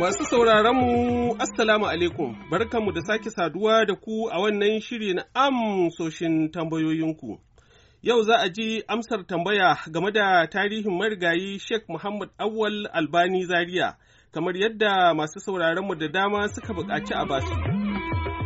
Masu sauraronmu, Assalamu alaikum, barkanmu da sake saduwa da ku a wannan shiri na amsoshin tambayoyinku. Yau za a ji amsar tambaya game da tarihin marigayi Sheikh Muhammad Awwal Albani Zaria, kamar yadda masu sauraronmu da dama suka buƙaci a basu.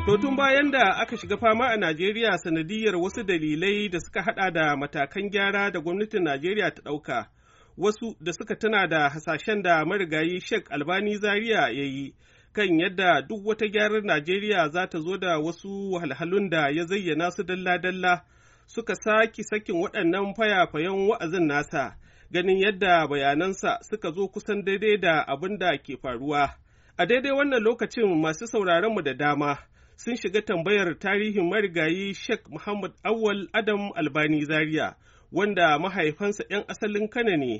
To tun bayan da aka shiga fama a Najeriya sanadiyar wasu dalilai da suka haɗa da matakan gyara da gwamnatin Najeriya ta ɗauka. wasu da suka tuna da hasashen da marigayi Sheikh Albani Zaria ya yi kan yadda duk wata gyaran Najeriya za ta zo da wasu wahalhalun da ya zayyana su dalla-dalla suka saki sakin waɗannan fayafayen wa'azin nasa ganin yadda bayanansa suka zo kusan daidai da abin da ke faruwa. A daidai wannan lokacin masu sauraronmu da dama sun shiga tambayar tarihin marigayi Sheikh Muhammad Awal Adam Albani Zaria. wanda mahaifansa 'yan asalin kana ne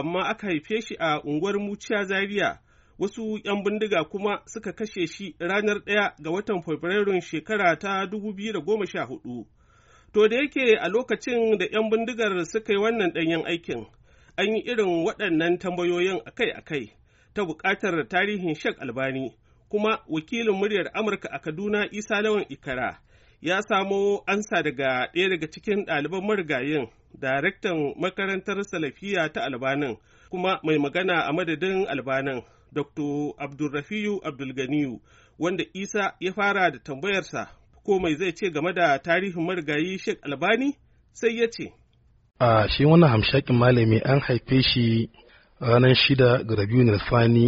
amma aka haife shi a unguwar muciya zaria wasu 'yan bindiga kuma suka kashe shi ranar ɗaya ga watan fabrairun shekara ta 2014 to da yake a lokacin da 'yan bindigar suka yi wannan ɗanyen aikin an yi irin waɗannan tambayoyin akai-akai ta buƙatar tarihin shek albani kuma wakilin muryar amurka a kaduna isa lawan ikara ya samo ansa daga ɗaya daga cikin ɗaliban marigayin daraktan makarantar salafiya ta albanin kuma mai magana a madadin albanin dr abdulrafiyu abdulganiyu wanda isa ya fara da tambayarsa ko mai zai ce game da tarihin marigayi sheikh albani sai ya ce a shi wannan hamshakin malami an haife shi ranar shida ga rabiu nilfani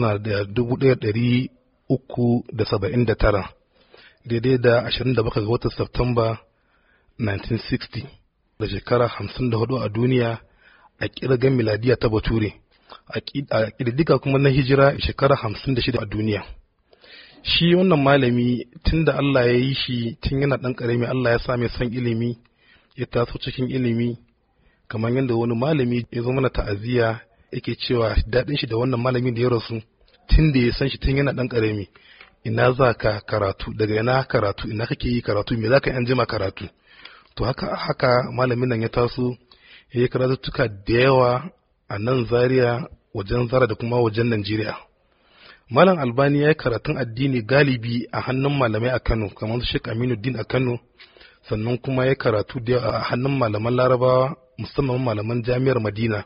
na da dubu ɗaya ɗari uku da saba'in daidai da 27 ga watan Satumba 1960 da shekara 54 a duniya a kirgan miladiya ta Bature a kirdika kuma na hijira shekara 56 a duniya shi wannan malami tun da Allah ya yi shi tun yana ɗan ƙarami Allah ya sa mai son ilimi ya taso cikin ilimi kamar yadda wani malami ya zama na ta'aziyya yake cewa daɗin shi da wannan malamin da ya rasu tun da ya san shi tun yana ɗan ƙarami ina za ka karatu daga ina karatu ina kake yi karatu me za ka yan jima karatu to haka haka malamin nan ya taso ya yi karatuttuka da yawa a nan zaria wajen zara da kuma wajen najeriya malam albani ya yi karatun addini galibi a hannun malamai a kano kamar su sheik aminu din a kano sannan kuma ya karatu da yawa a hannun malaman larabawa musamman malaman jami'ar madina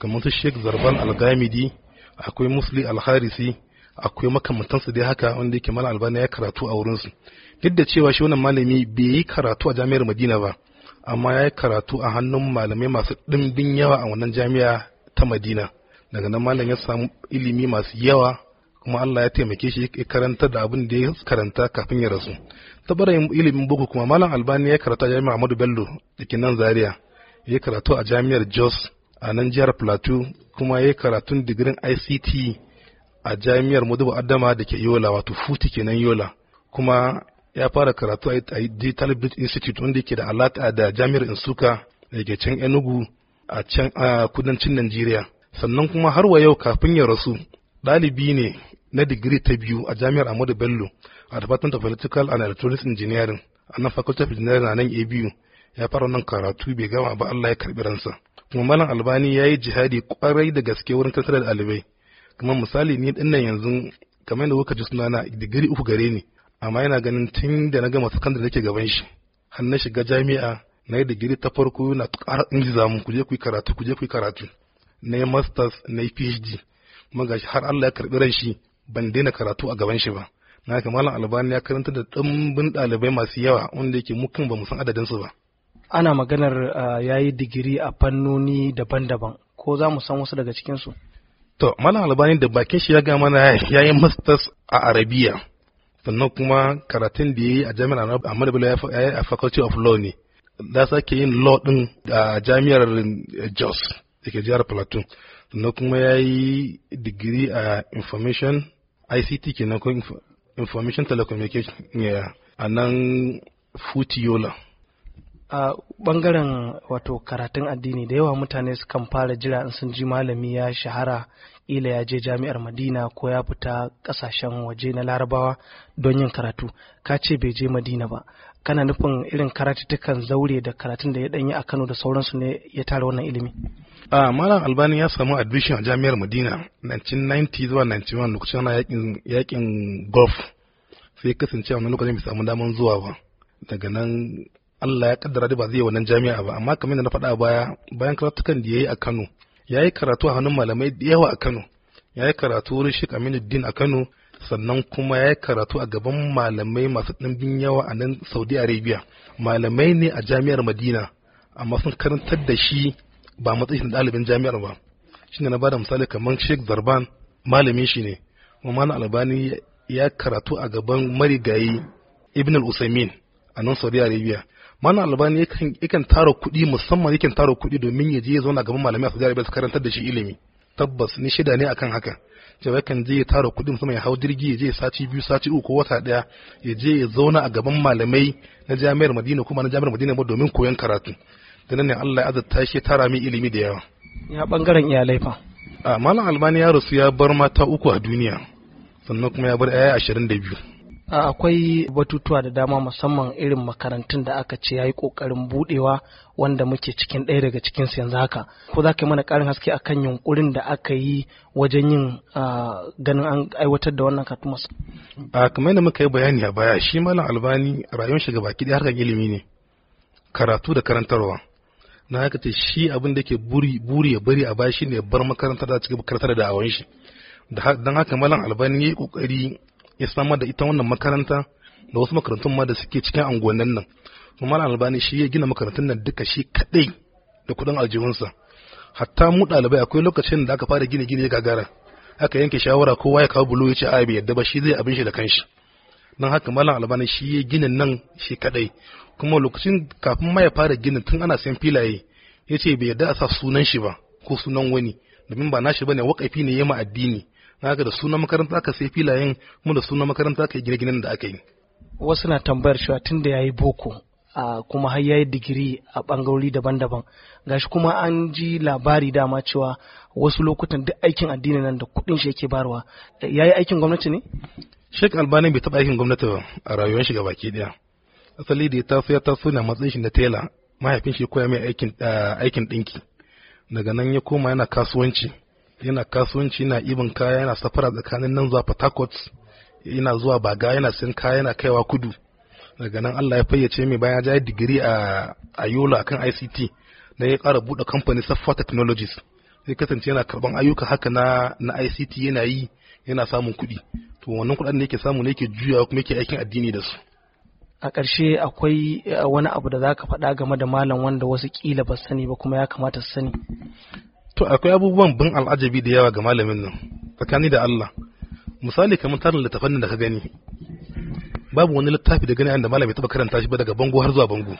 kamar su sheik zarban algamidi akwai musli alharisi akwai makamantansu dai haka wanda yake mala albani ya karatu a wurinsu duk da cewa shi wannan malami bai yi karatu a jami'ar madina ba amma ya yi karatu a hannun malamai masu ɗimbin yawa a wannan jami'a ta madina daga nan malam ya samu ilimi masu yawa kuma Allah ya taimake shi ya karanta da abin da ya karanta kafin ya rasu ta barayin ilimin boko kuma malam albani ya karatu a jami'ar Ahmadu Bello da ke nan Zaria ya karatu a jami'ar Jos a nan jihar Plateau kuma ya karatun digirin ICT a jami'ar Mudubu Adama da ke Yola wato Futi kenan Yola kuma ya fara karatu a Digital Bridge Institute wanda ke da alaka da jami'ar Insuka da ke can Enugu a can a kudancin Najeriya sannan kuma har wa yau kafin ya rasu ɗalibi ne na digiri ta biyu a jami'ar Ahmadu Bello a Department of Political and Electronics Engineering a nan Faculty of Engineering a nan ABU ya fara nan karatu bai gama ba Allah ya karɓi ransa kuma Malam Albani ya yi jihadi kwarai da gaske wurin tattara da ɗalibai kamar misali ni din nan yanzu kamar yadda kuka ji na digiri uku gare ni amma yana ganin tun da na gama sakandare nake gaban shi har na shiga jami'a na yi digiri ta farko na ƙara ingiza mu ku je ku yi karatu ku je ku karatu na yi masters na yi phd kuma gashi har Allah ya karɓi ran shi ban daina karatu a gaban shi ba na ga malam albani ya karanta da ɗumbin ɗalibai masu yawa wanda yake mukan ba mu san su ba ana maganar ah, ya yi digiri a fannoni daban-daban ko za mu san wasu daga cikinsu To, Malam Albani da bakin shi ya ga mana ya yi masters a Arabiya, sannan kuma karatun da ya yi a jami'ar Ahmadu Bello ya yi a Faculty of Law ne. Da sake yin law ɗin a jami'ar Jos da ke jihar Plateau, sannan kuma ya yi digiri a Information ICT kenan ko Information Telecommunication a nan Futi a bangaren wato karatun addini da yawa mutane sukan fara jira in sun ji malami ya shahara ila ya je jami'ar madina ko ya fita kasashen waje na larabawa don yin karatu ka ce bai je madina ba kana nufin irin karatutukan zaure da karatun da ya danyi a kano da sauransu ne ya tara wannan ilimi a malam albani ya samu admission a jami'ar madina 1990 zuwa 1991 lokacin na yakin golf sai kasance a wani lokacin bai samu daman zuwa ba daga nan Allah ya kaddara da ba zai wannan jami'a ba amma kamar na faɗa baya bayan karatukan da yayi a Kano yayi karatu a hannun malamai da yawa a Kano yayi karatu wurin Sheikh Aminuddin a Kano sannan kuma yayi karatu a gaban malamai masu ɗimbin yawa a nan Saudi Arabia malamai ne a jami'ar Madina amma sun karantar da shi ba matsayin ɗalibin jami'ar ba shine na bada misali kamar Sheikh Zarban malamin shi ne Mamman Albani ya karatu a gaban marigayi Ibn al-Usaimin a nan Saudi Arabia mana albani yakan tara kuɗi musamman yakan tara kuɗi domin ya je ya zauna gaban malamai a Saudi Arabia su karantar da shi ilimi tabbas ni shida ne akan haka cewa yakan je ya tara kuɗi musamman ya hau jirgi ya je sati biyu sati uku ko wata ɗaya ya je ya zauna a gaban malamai na jami'ar Madina kuma na jami'ar Madina ba domin koyon karatu da nan ne Allah ya azurta shi tara min ilimi da yawa ya bangaren iyalai fa a malam albani ya rasu ya bar mata uku a duniya sannan kuma ya bar 'ya'ya ashirin da biyu akwai batutuwa da dama musamman irin makarantun da aka ce ya yi ƙoƙarin buɗewa wanda muke cikin ɗaya daga cikin su yanzu haka ko za ka yi mana ƙarin haske kan yunkurin da aka yi wajen yin ganin an aiwatar da wannan katumas a kamar yadda muka yi bayani a baya shi malam albani rayuwar shiga baki ɗaya harkar ilimi ne karatu da karantarwa na haka ce shi abin da ke buri buri ya bari a baya ne bar makarantar da cikin makarantar da awon shi don haka malam albani ya yi kokari ya samar da ita wannan makaranta da wasu makarantun ma da suke cikin anguwannin nan Umar Albani shi ya gina makarantun nan duka shi kadai da kudin aljihunsa hatta mu ɗalibai akwai lokacin da aka fara gine gine gagara aka yanke shawara kowa ya kawo bulo ya ce a bai yadda ba shi zai abin shi da kanshi don haka malam albani shi ya gina nan shi kadai kuma lokacin kafin ma ya fara gina tun ana sayan filaye ya ce bai yadda a sa sunan shi ba ko sunan wani domin ba nashi bane wakafi ne ya ma addini naga da sunan makaranta aka sai filayen mun da sunan makaranta aka yi gine-ginen da aka yi wasu na tambayar shi tun da yayi boko a kuma har yayi digiri a bangarori daban-daban gashi kuma an ji labari dama cewa wasu lokutan duk aikin addini nan da kuɗin shi yake barwa yayi aikin gwamnati ne Sheikh Albani bai taɓa aikin gwamnati ba a rayuwar shi gabaki daya asali da ya taso ya taso na matsayin shi na tela mahaifin shi koya mai aikin aikin dinki daga nan ya koma yana kasuwanci yana kasuwanci yana ibin kaya yana safara tsakanin nan zuwa Port yana zuwa baga yana sin kaya yana kaiwa kudu daga nan Allah ya fayyace mai bayan ya digiri a a Yola akan ICT na ya kara buɗe kamfanin safar Technologies sai kasance yana karban ayyuka haka na na ICT yana yi yana samun kuɗi to wannan kuɗin ne yake samu ne yake juyawa kuma yake aikin addini da su a ƙarshe akwai eh, wani abu da za ka faɗa game da malam wanda wasu ƙila ba sani ba kuma ya kamata su sani to akwai abubuwan bin al'ajabi da yawa ga malamin nan tsakani da Allah misali kamar tarin littafan da ka gani babu wani littafi da gani da malami ta karanta shi ba daga bango har zuwa bango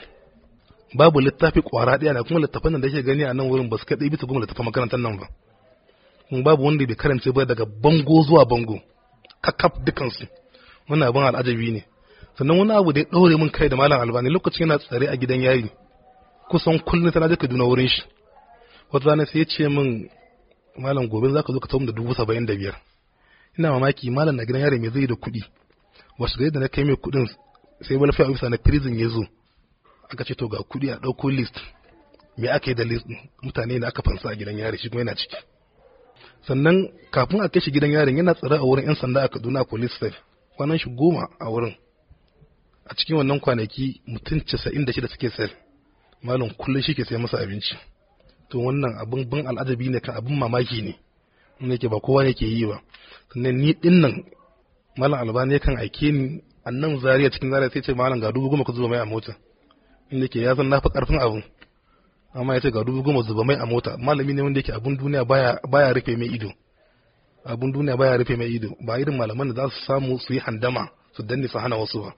babu littafi kwara daya na kuma littafan da yake gani a nan wurin ba su kaɗai bisa kuma littafan makarantar nan ba kuma babu wanda bai karance ba daga bango zuwa bango kakaf dukansu muna abin al'ajabi ne sannan wani abu da ya ɗaure min kai da malam albani lokacin yana tsare a gidan yari kusan kullum tana je kaduna wurin shi wata rana sai ya ce min malam gobe za ka zo ka tawo da dubu saba'in da biyar ina mamaki malam na gidan yare mai zai da kuɗi wasu gari da na kai mai kuɗin sai a officer na prison ya zo aka ce to ga kuɗi a ɗauko list me aka yi da list mutane da aka fansa a gidan yare shi kuma yana ciki sannan kafin a kai shi gidan yarin yana tsare a wurin 'yan sanda a kaduna police staff kwanan shi goma a wurin a cikin wannan kwanaki mutum casa'in da shida suke sel malam kullum shi ke sai masa abinci to wannan abin ban al'adabi ne kan abin mamaki ne wanda yake ba kowa ne ke yi ba sannan ni din nan malam albani kan aike ni annan zariya cikin zariya sai ce malam ga dubu goma ka zuba mai a mota inda ke ya san na fi karfin abin amma ya ce ga dubu goma zuba mai a mota malami ne wanda yake abin duniya baya rufe mai ido abin duniya baya rufe mai ido ba irin malaman da za su samu su yi handama su danne su hana wasu ba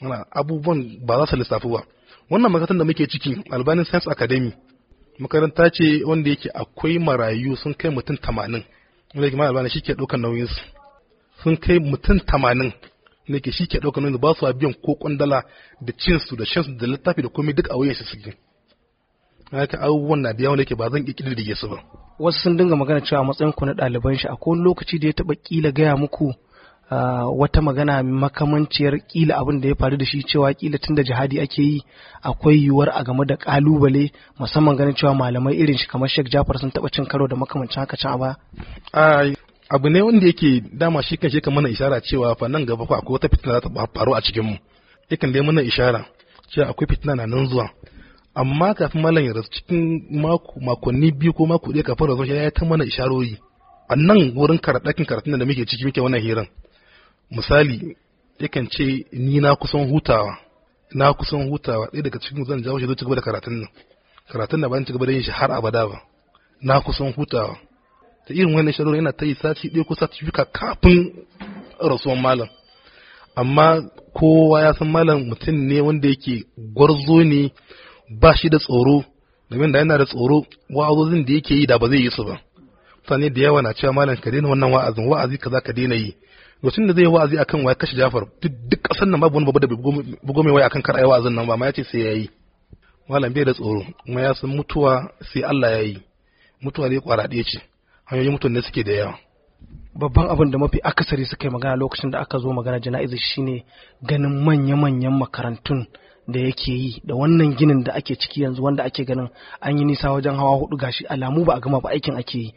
mana abubuwan ba za su lissafi ba wannan makatan da muke ciki albanin science academy makaranta ce wanda yake akwai marayu sun kai mutum tamanin wanda yake malam albani shi ke ɗaukar nauyinsu sun kai mutum tamanin ne ke shi ke ɗaukar nauyinsu ba su biyan ko kwandala da cinsu da shansu da littafi da komai duk a wuyan shi suke haka abubuwan na biya wanda yake ba zan iya ƙididdige su ba wasu sun dinga magana cewa matsayin ku na ɗaliban shi akwai lokaci da ya taɓa ƙila gaya muku Ah, wata magana makamanciyar kila abin da ya faru da shi cewa kila da jihadi ake yi akwai yiwuwar a game da kalubale musamman ganin cewa malamai irin shi kamar Sheikh Jafar sun taba cin karo da makamancin haka can a baya abu ne wanda yake dama shi kan sheka mana isharar cewa fa nan gaba ko akwai wata fitina za ta faru a cikin mu yakan dai mana isharar cewa akwai fitina na nan zuwa amma kafin malam ya rasu cikin makonni biyu ko mako ɗaya kafin rasu ya ta mana isharori a nan wurin karatun da muke ciki muke wannan hirar misali yakan ce ni na kusan hutawa na kusan hutawa ɗaya daga cikin zan jawo shi zo cigaba da karatun nan karatun da ban cigaba da yin shi har abada ba na kusan hutawa da irin wannan shawarar yana ta yi sati ɗaya ko sati biyu kafin rasuwan malam amma kowa ya san malam mutum ne wanda yake gwarzo ne ba shi da tsoro domin da yana da tsoro wa'azozin da yake yi da ba zai yi su ba mutane da yawa na cewa malam ka daina wannan wa'azin wa'azi kaza ka daina yi lokacin da zai yi wa'azi akan waya kashe Jafar duk kasan nan babu wani babu da bugo mai waya akan kar ayi wa'azin nan ba ma yace sai yayi malam bai da tsoro kuma ya san mutuwa sai Allah yayi mutuwa dai kwara ɗaya ce hanyoyin mutuwa ne suke da yawa babban abin da mafi akasari suka yi magana lokacin da aka zo magana jana'iza shine ganin manya-manyan makarantun da yake yi da wannan ginin da ake ciki yanzu wanda ake ganin an yi nisa wajen hawa hudu gashi alamu ba a gama ba aikin ake yi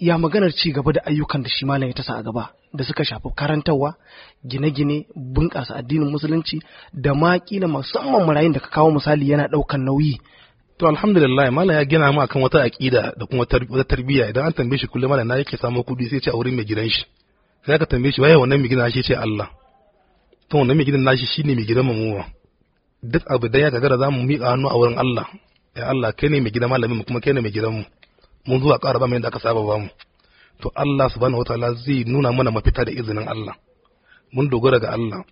ya maganar ci gaba da ayyukan da shi malam ya tasa a gaba da suka shafi karantarwa gine-gine bunƙasa addinin musulunci da ma kila musamman marayun da ka kawo misali yana ɗaukan nauyi to alhamdulillah malam ya gina mu akan wata aƙida da kuma wata tarbiyya idan an tambaye shi kullum malam na yake samu kuɗi sai ce a wurin mai gidan shi sai ka tambaye shi waye wannan mai gidan shi ce Allah to wannan mai gidan nashi shine mai gidan mu duk abu da ya gagara zamu miƙa hannu a wurin Allah ya Allah kai ne mai gidan malamin mu kuma kai ne mai gidan mu mun zuwa ƙara ba mu yadda aka saba ba mu to Allah subhanahu wataala zai nuna mana mafita da izinin Allah mun dogara ga Allah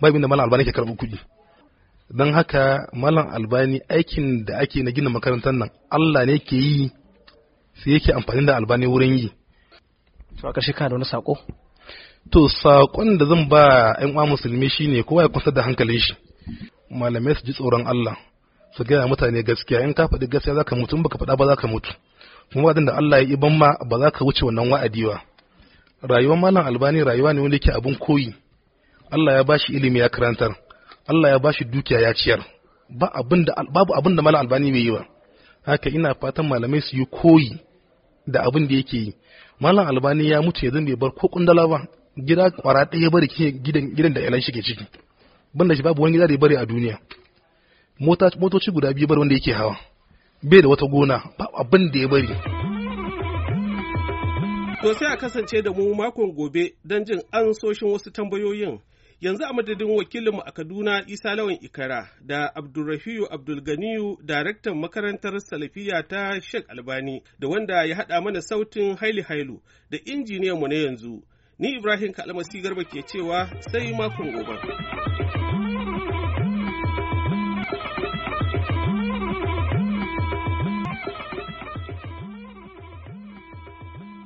ba da malam albani ke karɓar kuɗi don haka malam albani aikin da ake na gina makarantar nan Allah ne ke yi sai yake amfani da albani wurin yi to a ƙarshe kana da wani sako to sakon da zan ba ƴan uwa musulmi shine kowa ya kusa da hankalin shi malamai su ji tsoron Allah su gaya mutane gaskiya in ka faɗi gaskiya zaka mutu in baka faɗa ba zaka mutu kuma wadin da Allah ya iban ma ba za ka wuce wannan wa'adi ba rayuwar malam albani rayuwa ne wanda yake abin koyi Allah ya bashi ilimi ya karantar Allah ya bashi dukiya ya ciyar ba abin da babu abin da malam albani bai yi ba haka ina fatan malamai su yi koyi da abin da yake yi malam albani ya mutu yanzu bai bar ko kundala ba gida kwara ɗaya bari gidan gidan da ilan shike ciki banda shi babu wani gida da ya bari a duniya motoci guda biyu bar wanda yake hawa bai da wata gona abin da ya bari to sai a kasance da mu makon gobe don jin an soshin wasu tambayoyin yanzu a madadin wakilinmu a kaduna isa lawan ikara da abdulrahiyu abdulganiyu daraktan makarantar salafiya ta sheikh albani da wanda ya haɗa mana sautin haili hailu da mu na yanzu ni ibrahim kalmasi garba ke cewa sai makon gobe.